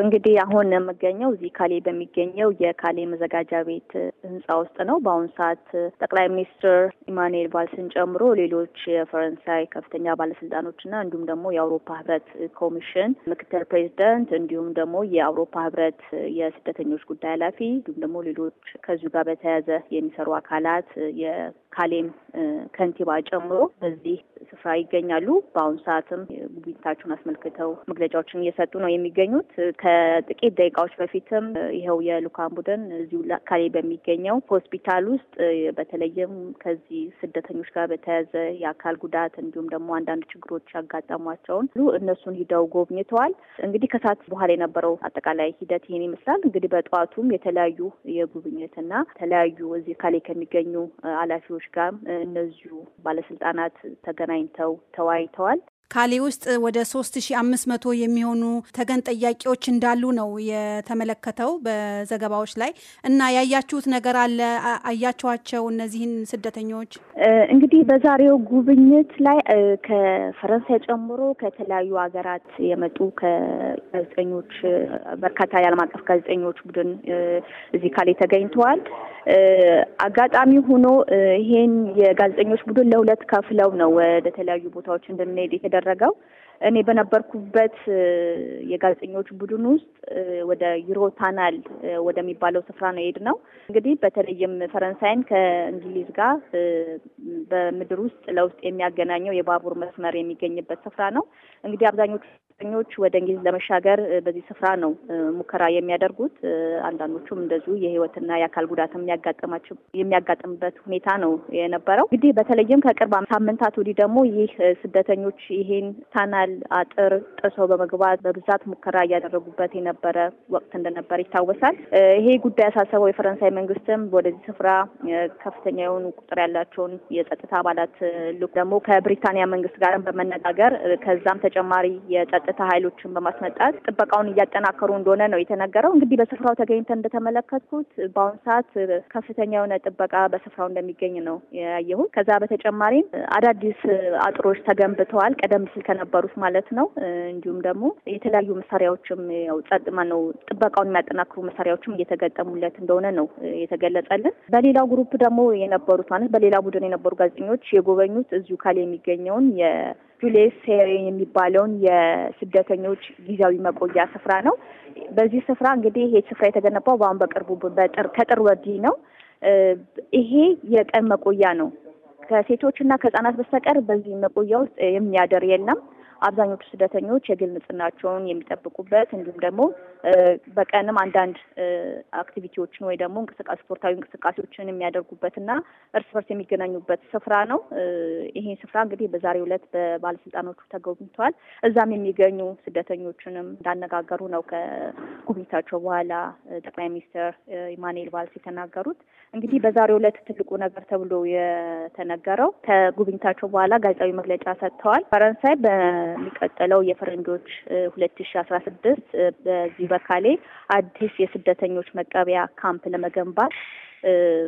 እንግዲህ አሁን የምገኘው እዚህ ካሌ በሚገኘው የካሌ መዘጋጃ ቤት ህንፃ ውስጥ ነው። በአሁኑ ሰዓት ጠቅላይ ሚኒስትር ኢማኑኤል ቫልስን ጨምሮ ሌሎች የፈረንሳይ ከፍተኛ ባለስልጣኖችና እንዲሁም ደግሞ የአውሮፓ ህብረት ኮሚሽን ምክትል ፕሬዚደንት እንዲሁም ደግሞ የአውሮፓ ህብረት የስደተኞች ጉዳይ ኃላፊ እንዲሁም ደግሞ ሌሎች ከዚሁ ጋር በተያያዘ የሚሰሩ አካላት ካሌም ከንቲባ ጨምሮ በዚህ ስፍራ ይገኛሉ። በአሁኑ ሰዓትም ጉብኝታቸውን አስመልክተው መግለጫዎችን እየሰጡ ነው የሚገኙት። ከጥቂት ደቂቃዎች በፊትም ይኸው የልኡካን ቡድን እዚሁ ካሌ በሚገኘው ሆስፒታል ውስጥ በተለይም ከዚህ ስደተኞች ጋር በተያያዘ የአካል ጉዳት እንዲሁም ደግሞ አንዳንድ ችግሮች ያጋጠሟቸውን እነሱን ሂደው ጎብኝተዋል። እንግዲህ ከሰዓት በኋላ የነበረው አጠቃላይ ሂደት ይህን ይመስላል። እንግዲህ በጠዋቱም የተለያዩ የጉብኝትና የተለያዩ እዚህ ካሌ ከሚገኙ ኃላፊዎች ባለሙያዎች ጋር እነዚሁ ባለስልጣናት ተገናኝተው ተወያይተዋል። ካሌ ውስጥ ወደ 3500 የሚሆኑ ተገን ጠያቂዎች እንዳሉ ነው የተመለከተው በዘገባዎች ላይ እና ያያችሁት ነገር አለ? አያችኋቸው እነዚህን ስደተኞች? እንግዲህ በዛሬው ጉብኝት ላይ ከፈረንሳይ ጨምሮ ከተለያዩ ሀገራት የመጡ ከጋዜጠኞች በርካታ የዓለም አቀፍ ጋዜጠኞች ቡድን እዚህ ካሌ ተገኝተዋል። አጋጣሚ ሆኖ ይሄን የጋዜጠኞች ቡድን ለሁለት ከፍለው ነው ወደ ተለያዩ ቦታዎች እንድንሄድ የተደረገው። እኔ በነበርኩበት የጋዜጠኞች ቡድን ውስጥ ወደ ዩሮታናል ወደሚባለው ስፍራ ነው የሄድ ነው። እንግዲህ በተለይም ፈረንሳይን ከእንግሊዝ ጋር በምድር ውስጥ ለውስጥ የሚያገናኘው የባቡር መስመር የሚገኝበት ስፍራ ነው። እንግዲህ አብዛኞቹ ጋዜጠኞች ወደ እንግሊዝ ለመሻገር በዚህ ስፍራ ነው ሙከራ የሚያደርጉት። አንዳንዶቹም እንደዚሁ የህይወትና የአካል ጉዳትም የሚያጋጥማቸው የሚያጋጥምበት ሁኔታ ነው የነበረው። እንግዲህ በተለይም ከቅርብ ሳምንታት ወዲህ ደግሞ ይህ ስደተኞች ይህን ታናል አጥር ጥሰው በመግባት በብዛት ሙከራ እያደረጉበት የነበረ ወቅት እንደነበረ ይታወሳል። ይሄ ጉዳይ ያሳሰበው የፈረንሳይ መንግስትም ወደዚህ ስፍራ ከፍተኛ የሆኑ ቁጥር ያላቸውን የጸጥታ አባላት ልክ ደግሞ ከብሪታንያ መንግስት ጋርም በመነጋገር ከዛም ተጨማሪ የጸጥታ የጸጥታ ኃይሎችን በማስመጣት ጥበቃውን እያጠናከሩ እንደሆነ ነው የተነገረው። እንግዲህ በስፍራው ተገኝተን እንደተመለከትኩት በአሁኑ ሰዓት ከፍተኛ የሆነ ጥበቃ በስፍራው እንደሚገኝ ነው ያየሁት። ከዛ በተጨማሪም አዳዲስ አጥሮች ተገንብተዋል፣ ቀደም ሲል ከነበሩት ማለት ነው። እንዲሁም ደግሞ የተለያዩ መሳሪያዎችም ያው ጸጥማ ነው ጥበቃውን የሚያጠናክሩ መሳሪያዎችም እየተገጠሙለት እንደሆነ ነው የተገለጸልን። በሌላው ግሩፕ ደግሞ የነበሩት ማለት በሌላ ቡድን የነበሩ ጋዜጠኞች የጎበኙት እዚሁ ካል የሚገኘውን የጁሌስ የሚባለውን የስደተኞች ጊዜያዊ መቆያ ስፍራ ነው። በዚህ ስፍራ እንግዲህ ይሄ ስፍራ የተገነባው በአሁን በቅርቡ ከጥር ወዲህ ነው። ይሄ የቀን መቆያ ነው። ከሴቶች እና ከህጻናት በስተቀር በዚህ መቆያ ውስጥ የሚያደር የለም። አብዛኞቹ ስደተኞች የግል ንጽህናቸውን የሚጠብቁበት እንዲሁም ደግሞ በቀንም አንዳንድ አክቲቪቲዎችን ወይ ደግሞ እንቅስቃ ስፖርታዊ እንቅስቃሴዎችን የሚያደርጉበትና እርስ በርስ የሚገናኙበት ስፍራ ነው። ይሄ ስፍራ እንግዲህ በዛሬው ዕለት በባለስልጣኖቹ ተጎብኝተዋል። እዛም የሚገኙ ስደተኞችንም እንዳነጋገሩ ነው ከጉብኝታቸው በኋላ ጠቅላይ ሚኒስትር ኢማኑኤል ባልስ የተናገሩት። እንግዲህ በዛሬው ዕለት ትልቁ ነገር ተብሎ የተነገረው ከጉብኝታቸው በኋላ ጋዜጣዊ መግለጫ ሰጥተዋል። ፈረንሳይ በሚቀጥለው የፈረንጆች ሁለት ሺ አስራ ስድስት በዚህ በካሌ አዲስ የስደተኞች መቀበያ ካምፕ ለመገንባት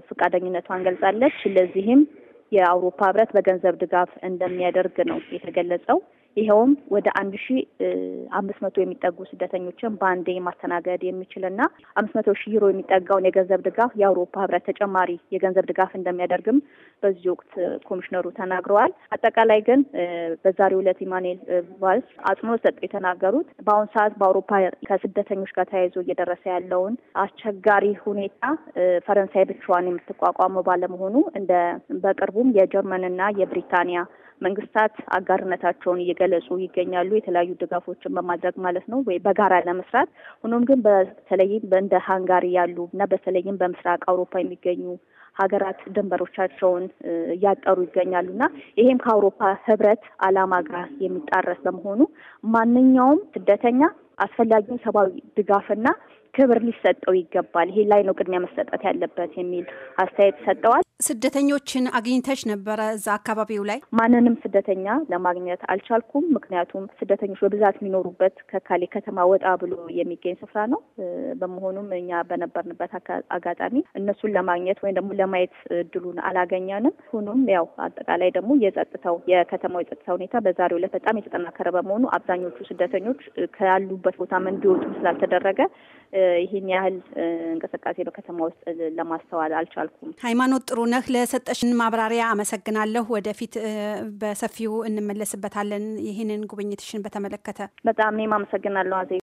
ፈቃደኝነቷን ገልጻለች። ለዚህም የአውሮፓ ህብረት በገንዘብ ድጋፍ እንደሚያደርግ ነው የተገለጸው። ይኸውም ወደ አንድ ሺ አምስት መቶ የሚጠጉ ስደተኞችን በአንዴ ማስተናገድ የሚችልና አምስት መቶ ሺህ ዩሮ የሚጠጋውን የገንዘብ ድጋፍ የአውሮፓ ህብረት ተጨማሪ የገንዘብ ድጋፍ እንደሚያደርግም በዚህ ወቅት ኮሚሽነሩ ተናግረዋል። አጠቃላይ ግን በዛሬው ዕለት ኢማኑኤል ቫልስ አጽንኦት ሰጥተው የተናገሩት በአሁኑ ሰዓት በአውሮፓ ከስደተኞች ጋር ተያይዞ እየደረሰ ያለውን አስቸጋሪ ሁኔታ ፈረንሳይ ብቻዋን የምትቋቋመው ባለመሆኑ እንደ በቅርቡም የጀርመንና የብሪታንያ መንግስታት አጋርነታቸውን እየገለጹ ይገኛሉ። የተለያዩ ድጋፎችን በማድረግ ማለት ነው ወይ በጋራ ለመስራት ሆኖም ግን በተለይም እንደ ሀንጋሪ ያሉ እና በተለይም በምስራቅ አውሮፓ የሚገኙ ሀገራት ድንበሮቻቸውን እያጠሩ ይገኛሉ እና ይሄም ከአውሮፓ ህብረት አላማ ጋር የሚጣረስ በመሆኑ ማንኛውም ስደተኛ አስፈላጊውን ሰብአዊ ድጋፍና ክብር ሊሰጠው ይገባል። ይሄ ላይ ነው ቅድሚያ መሰጠት ያለበት የሚል አስተያየት ሰጠዋል። ስደተኞችን አግኝተች ነበረ እዛ አካባቢው ላይ? ማንንም ስደተኛ ለማግኘት አልቻልኩም። ምክንያቱም ስደተኞች በብዛት የሚኖሩበት ከካሌ ከተማ ወጣ ብሎ የሚገኝ ስፍራ ነው። በመሆኑም እኛ በነበርንበት አጋጣሚ እነሱን ለማግኘት ወይም ደግሞ ለማየት እድሉን አላገኘንም። ሁኑም ያው አጠቃላይ ደግሞ የጸጥታው የከተማው የጸጥታ ሁኔታ በዛሬው ዕለት በጣም የተጠናከረ በመሆኑ አብዛኞቹ ስደተኞች ከያሉበት ቦታም እንዲወጡ ስላልተደረገ ይህን ያህል እንቅስቃሴ በከተማ ውስጥ ለማስተዋል አልቻልኩም። ሃይማኖት ጥሩ ነህ። ለሰጠሽን ማብራሪያ አመሰግናለሁ። ወደፊት በሰፊው እንመለስበታለን ይህንን ጉብኝትሽን በተመለከተ። በጣም እኔም አመሰግናለሁ አዜብ።